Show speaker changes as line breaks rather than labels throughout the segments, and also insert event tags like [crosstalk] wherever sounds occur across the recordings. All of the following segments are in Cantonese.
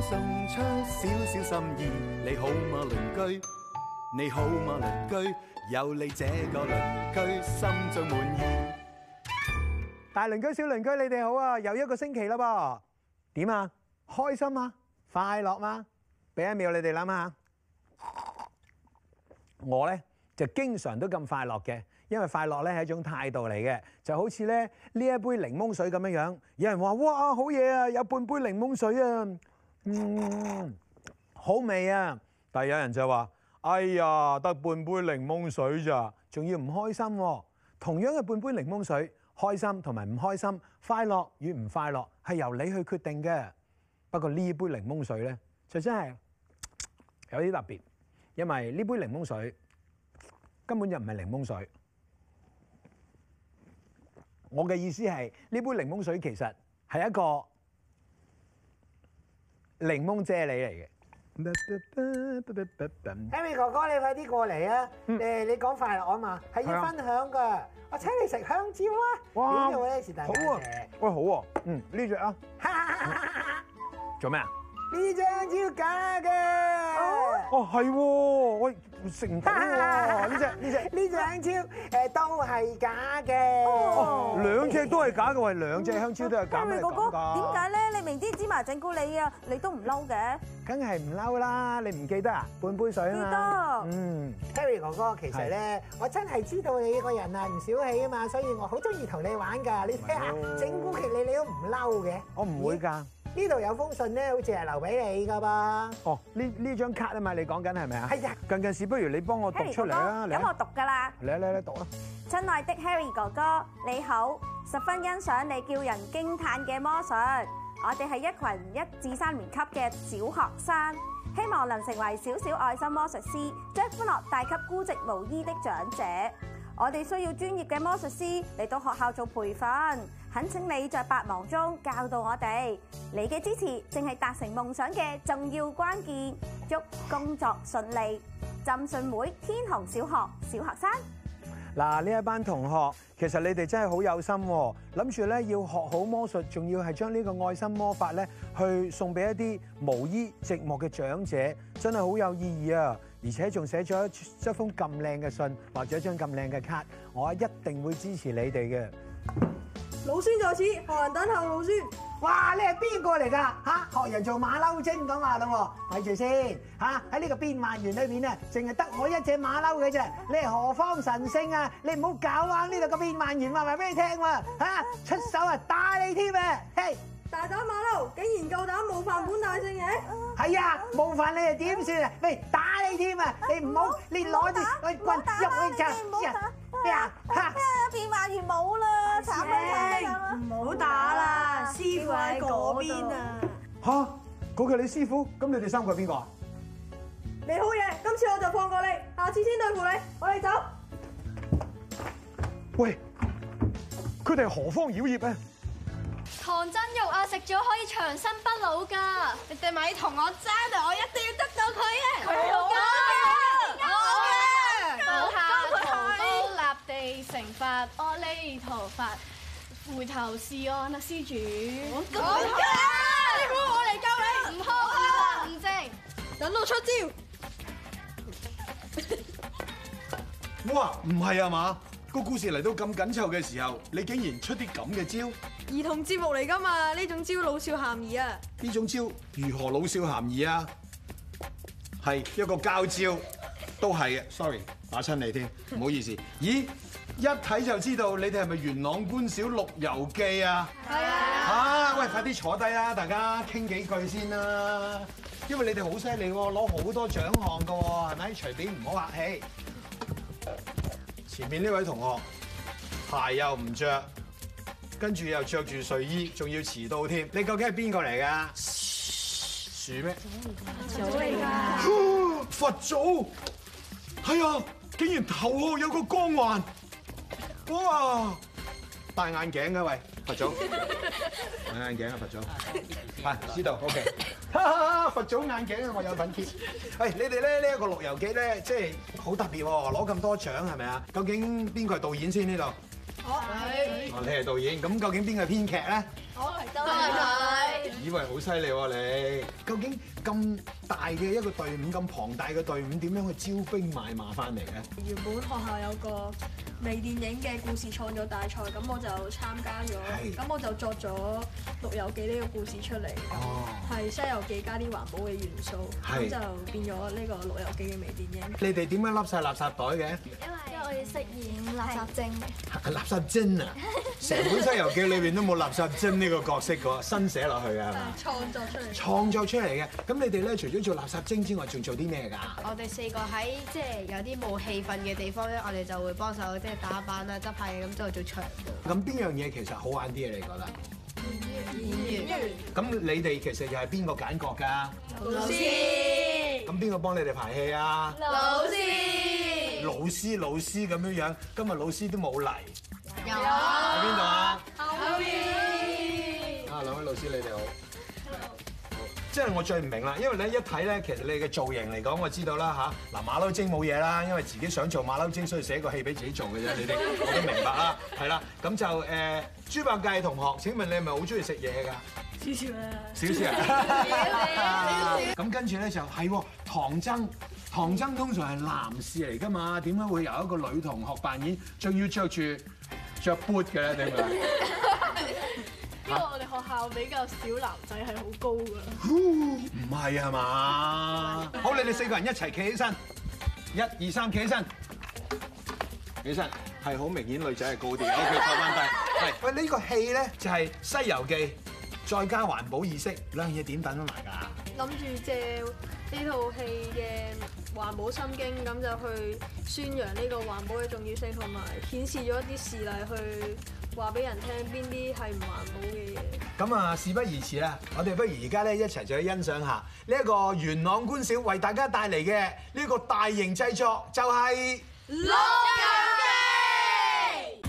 送出少少心意，你好嗎，鄰居？你好嗎，鄰居？有你這個鄰居，心最滿意。大鄰居、小鄰居，你哋好啊！又一個星期啦噃，點啊？開心嗎？快樂嗎？俾一秒你哋諗下。我咧就經常都咁快樂嘅，因為快樂咧係一種態度嚟嘅，就好似咧呢一杯檸檬水咁樣樣。有人話哇啊，好嘢啊，有半杯檸檬水啊！嗯，好味啊！但有人就話：哎呀，得半杯檸檬水咋？仲要唔開心啊？同樣嘅半杯檸檬水，開心同埋唔開心，快樂與唔快樂係由你去決定嘅。不過呢杯檸檬水呢，就真係有啲特別，因為呢杯檸檬水根本就唔係檸檬水。我嘅意思係呢杯檸檬水其實係一個。檸檬啫喱嚟嘅 Emily 哥哥你快啲過嚟啊！誒、嗯、你講快樂啊嘛，係要分享㗎，嗯、我請你食香蕉哇 試試啊！點用咧？是第喂，好喎、啊，嗯呢隻啊！做咩啊？呢隻香蕉假嘅，哦係喎，我食唔到喎，呢隻呢隻呢隻香蕉誒都係假嘅，兩隻都係假嘅喎，兩隻香蕉都係假嘅。哥哥，點解咧？你明知之嘛整蠱你啊，你都唔嬲嘅？梗係唔嬲啦，你唔記得啊？半杯水啊嘛，嗯，Terry 哥哥其實咧，我真係知道你個人啊唔小氣啊嘛，所以我好中意同你玩㗎，你睇下，整蠱佢你你都唔嬲嘅，我唔會㗎。呢度有封信咧，好似係留俾你噶噃。哦，呢呢張卡啊嘛，你講緊係咪啊？係呀，近近事不如你幫我讀出嚟啊！咁我讀㗎啦，嚟嚟嚟讀啦！親愛的 Harry 哥哥，你好，十分欣賞你叫人驚歎嘅魔術。我哋係一群一至三年級嘅小學生，希望能成為小小愛心魔術師，將歡樂帶給孤寂無依的長者。我哋需要專業嘅魔術師嚟到學校做培訓，懇請你在百忙中教導我哋。你嘅支持正係達成夢想嘅重要關鍵。祝工作順利！浸信會天虹小學小學生。嗱，呢一班同學，其實你哋真係好有心，諗住咧要學好魔術，仲要係將呢個愛心魔法咧去送俾一啲無依寂寞嘅長者，真係好有意義啊！而且仲寫咗一一封咁靚嘅信，或者一張咁靚嘅卡，我一定會支持你哋嘅。老孫在此，學人等候老孫。哇！你係邊個嚟㗎？嚇！學人做馬騮精咁話咯喎，睇住先嚇。喺呢個變幻園裏面啊，淨係得我一隻馬騮嘅啫。你係何方神聖啊？你唔好搞啊！呢度個變幻園話埋俾你聽喎嚇，出手啊打你添啊！嘿。大膽馬騮，竟然夠膽冒犯本大聖嘅？係啊，冒犯你係點算啊？喂，打你添啊！你唔好，你攞啲棍入去就，咩啊？嚇！變壞完冇啦！師兄，唔好打啦，師傅喺嗰邊啊！嚇，嗰個你師傅？咁你哋三個係邊個啊？你好嘢，今次我就放過你，下次先對付你。我哋走。喂，佢哋係何方妖孽啊？唐僧肉啊，食咗可以長生不老噶！你哋咪同我爭，我一定要得到佢啊！佢好嘅，好嘅。放下屠刀，立地成佛，阿彌陀佛，回頭是岸啊，施主！我救你師傅，我嚟救你！唔好唔正，等我出招。哇，唔係啊嘛，個故事嚟到咁緊湊嘅時候，你竟然出啲咁嘅招？兒童節目嚟噶嘛？呢種招老少咸宜啊！呢種招如何老少咸宜啊？係一個膠招，都係嘅。Sorry，打親你添，唔好意思。咦？一睇就知道你哋係咪《元朗官小陸遊記》係啊？係啊！啊，喂，快啲坐低啦，大家傾幾句先啦。因為你哋好犀利喎，攞好多獎項㗎喎，係咪？隨便唔好客氣。前面呢位同學，鞋又唔着。跟住又着住睡衣，仲要遲到添。你究竟係邊個嚟㗎？鼠咩樹？早嚟㗎。佛祖，佛祖。係、哎、啊，竟然頭殼有個光環。哇！戴眼鏡㗎，喂，佛祖。戴 [laughs] 眼鏡啊，佛祖。啊， [laughs] 知道。OK。哈 [laughs] 佛祖眼鏡啊，我有份添。誒， [laughs] 你哋咧呢一個《樂遊記》咧，即係好特別喎，攞咁多獎係咪啊？究竟邊個係導演先呢度？哦，你係導演，咁究竟邊個係編劇咧？我嚟都係佢，以為好犀利喎你。究竟咁大嘅一個隊伍，咁龐大嘅隊伍，點樣去招兵買馬翻嚟咧？原本學校有個微電影嘅故事創作大賽，咁我就參加咗，咁我就作咗《綠遊記》呢個故事出嚟，係《西遊記》加啲環保嘅元素，咁就變咗呢個《綠遊記》嘅微電影。你哋點樣笠晒垃圾袋嘅？我要飾演垃圾精。垃圾精啊！成 [laughs] 本西遊記裏邊都冇垃圾精呢個角色噶，新寫落去啊，係嘛？創作出嚟。創作出嚟嘅，咁你哋咧，除咗做垃圾精之外，仲做啲咩噶？我哋四個喺即係有啲冇氣氛嘅地方咧，我哋就會幫手即係打扮啊、執派嘢，咁就做場嘅。咁邊樣嘢其實好玩啲啊？你覺得？演員、嗯。演員、嗯、咁你哋其實又係邊個揀角噶？老師。咁邊個幫你哋排戲啊？老師。老師，老師咁樣樣，今日老師都冇嚟。有喺邊度啊？在哪裡後面。啊，兩位老師，你哋好。Hello 好。即係我最唔明啦，因為咧一睇咧，其實你嘅造型嚟講，我知道啦嚇。嗱、啊，馬騮精冇嘢啦，因為自己想做馬騮精，所以寫個戲俾自己做嘅啫。你哋我都明白啊。係啦， [laughs] 咁就誒、呃，豬八戒同學，請問你係咪好中意食嘢㗎？謝謝少少啦。少少啊。咁跟住咧就係唐僧。唐僧通常係男士嚟㗎嘛？點解會由一個女同學扮演？仲要着住着 boot 嘅咧？點解？因為我哋學校比較少男仔係好高㗎。唔係啊，係嘛？好，你哋四個人一齊企起身，一二三，企起身，起身係好明顯女仔係高啲。O.K. 坐翻低。係， [laughs] 喂，呢、呢個戲咧就係《西遊記》，再加環保意識兩樣嘢點揼埋㗎？諗住借呢套戲嘅。環保心經咁就去宣揚呢個環保嘅重要性，同埋顯示咗一啲事例去話俾人聽邊啲係唔環保嘅嘢。咁啊，事不宜遲啦，我哋不如而家咧一齊就去欣賞下呢一個元朗官小為大家帶嚟嘅呢個大型製作，就是，就係《綠油機》。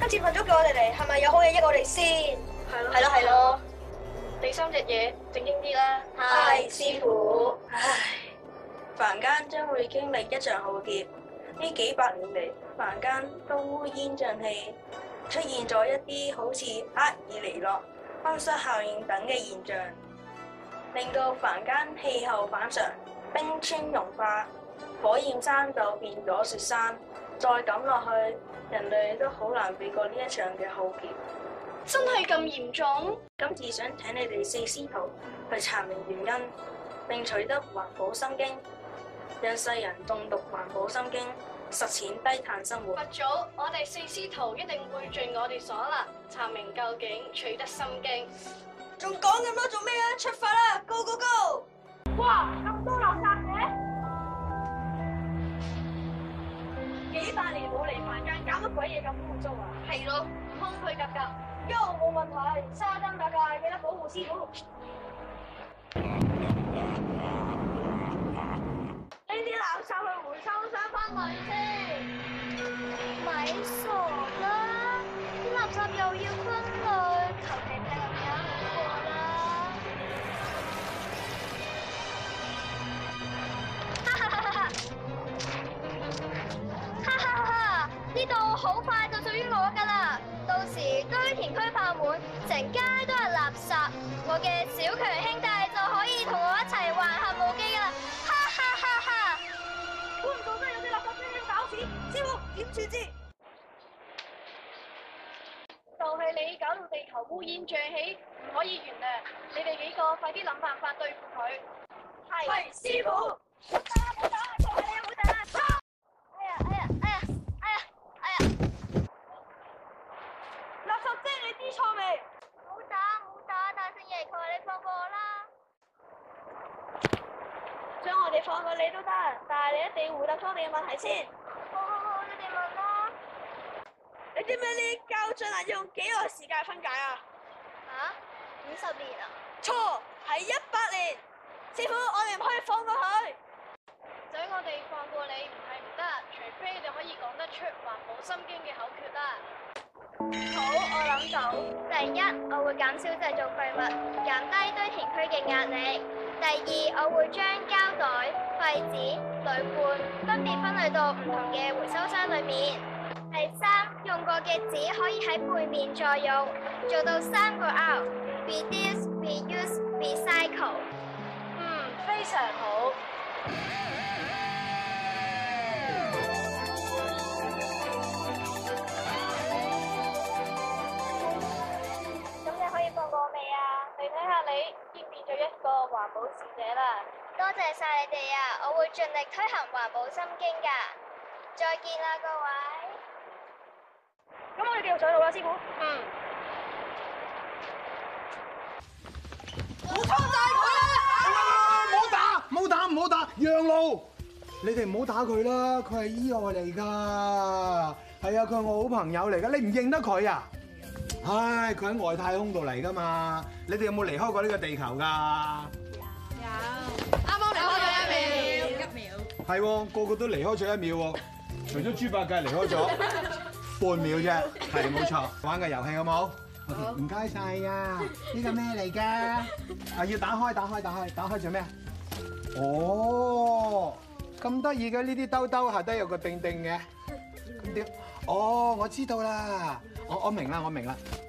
今次群咗，叫我哋嚟，係咪有好嘢益我哋先？嗯係咯，係咯，第三隻嘢，正經啲啦。嗨，師傅。唉，凡間將會經歷一場浩劫。呢幾百年嚟，凡間都烏煙瘴氣，出現咗一啲好似厄爾尼諾、溫室效應等嘅現象，令到凡間氣候反常，冰川融化，火焰山就變咗雪山。再咁落去，人類都好難避過呢一場嘅浩劫。真係咁嚴重？今次想請你哋四師徒去查明原因，並取得環保心經，讓世人誦讀環保心經，實踐低碳生活。佛祖，我哋四師徒一定會盡我哋所能，查明究竟，取得心經。仲講咁多做咩啊？出發啦！Go go go！哇，咁多垃圾嘅，幾百年冇嚟凡間，搞乜鬼嘢咁污糟啊？係咯的，空虛夾格。喲，冇問題，沙燈大戒記得保護師傅。呢啲垃圾去回收箱分類先，咪 [noise] 傻啦！啲垃圾又要分類，頭先就唔傻啦。哈哈哈哈，哈哈哈哈，呢度好快就屬於我㗎喇！到時堆填區爆滿，成街都係垃圾，我嘅小強兄弟就可以同我一齊玩核武機啦！哈哈哈哈！估唔到真有啲垃圾車要搞事，師傅點處置？就係你搞到地球烏煙瘴氣，唔可以原諒！你哋幾個快啲諗辦法對付佢。係是，是師傅。啊放過你都得，但係你一定要回答出你嘅問題先。好好好，你哋
問啦。你知唔知呢啲膠樽啊，要用幾耐時
間分解啊？吓、啊？五十年啊？錯，係一百年。師傅，我哋唔可以放過佢。所以我哋放過你唔係唔得，除非你可以講得出環保心經嘅口訣啦、啊。好，我諗到，第一，我會減少製造廢物，減低堆填區嘅壓力。第二，我會將膠袋、廢紙、鋁罐分別分類到唔同嘅回收箱裏面。第三，用過嘅紙可以喺背面再用，做到三個 R：Reduce，Reuse，Recycle。嗯，非常好。保持者啦，多謝晒你哋啊！我會盡力推行環保心經噶。再見啦，各位。咁我哋繼續上路啦，師傅。嗯。武松大台啦！唔好打，唔好打，唔好打，讓路！你哋唔好打佢啦，佢係意外嚟噶。係啊，佢係我好朋友嚟噶，你唔認得佢啊？唉，佢喺外太空度嚟噶嘛？你哋有冇離開過呢個地球噶？啱啱離開咗一秒，一秒係秒個個都離開咗一秒喎， [laughs] 除咗豬八戒離開咗 [laughs] 半秒啫，係冇錯。玩個遊戲好唔好？好，唔該晒啊！呢個咩嚟噶？啊，要打開，打開，打開，打開做咩啊？哦、oh,，咁得意嘅呢啲兜兜下低有個定定嘅，咁點？ [laughs] 哦、oh,，我知道啦，我、oh, 我明啦，我明啦。.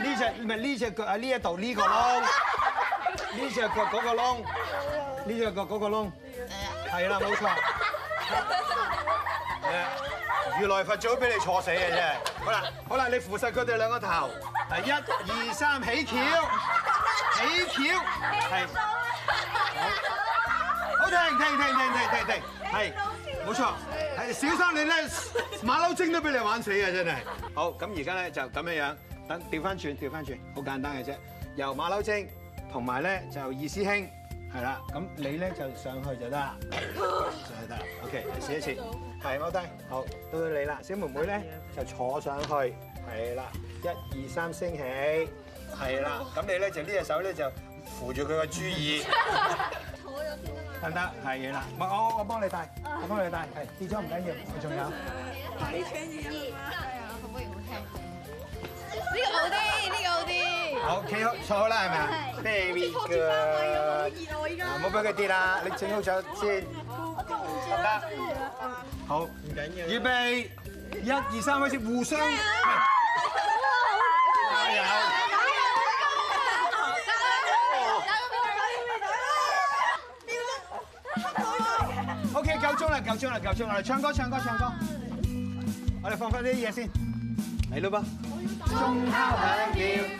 呢隻唔係，呢隻腳喺呢一度呢個窿，呢隻腳嗰個窿，呢隻腳嗰個窿，係啦，冇錯。如來佛祖俾你坐死嘅啫。好啦好啦，你扶實佢哋兩個頭，係一二三起轎，起轎，係。好，好，停停停停停停，係冇錯，係小心，你咧馬騮精都俾你玩死嘅，真係。好，咁而家咧就咁樣樣。等調翻轉，調翻轉，好簡單嘅啫。由馬騮精同埋咧就二師兄，係啦。咁你咧就上去就得啦，上去得啦。OK，試一次，係踎低，好到到你啦。小妹妹咧就坐上去，係啦，一二三，升起，係啦。咁你咧就呢隻手咧就扶住佢個豬耳，坐有啲啊，得係啦。唔係我我幫你帶，我幫你帶，係。跌咗唔緊要，仲有。白天熱啊！好企好坐好啦，係咪？Baby，唔好俾佢跌啦！你整好咗先。得，好唔緊要。預備，一二三開始，互相。加油！加油！加油！加油！加油！加油！OK，夠鐘啦，夠鐘啦，夠鐘啦！嚟唱歌，唱歌，唱歌。我哋放翻啲嘢先，嚟啦噃。中炮響叫。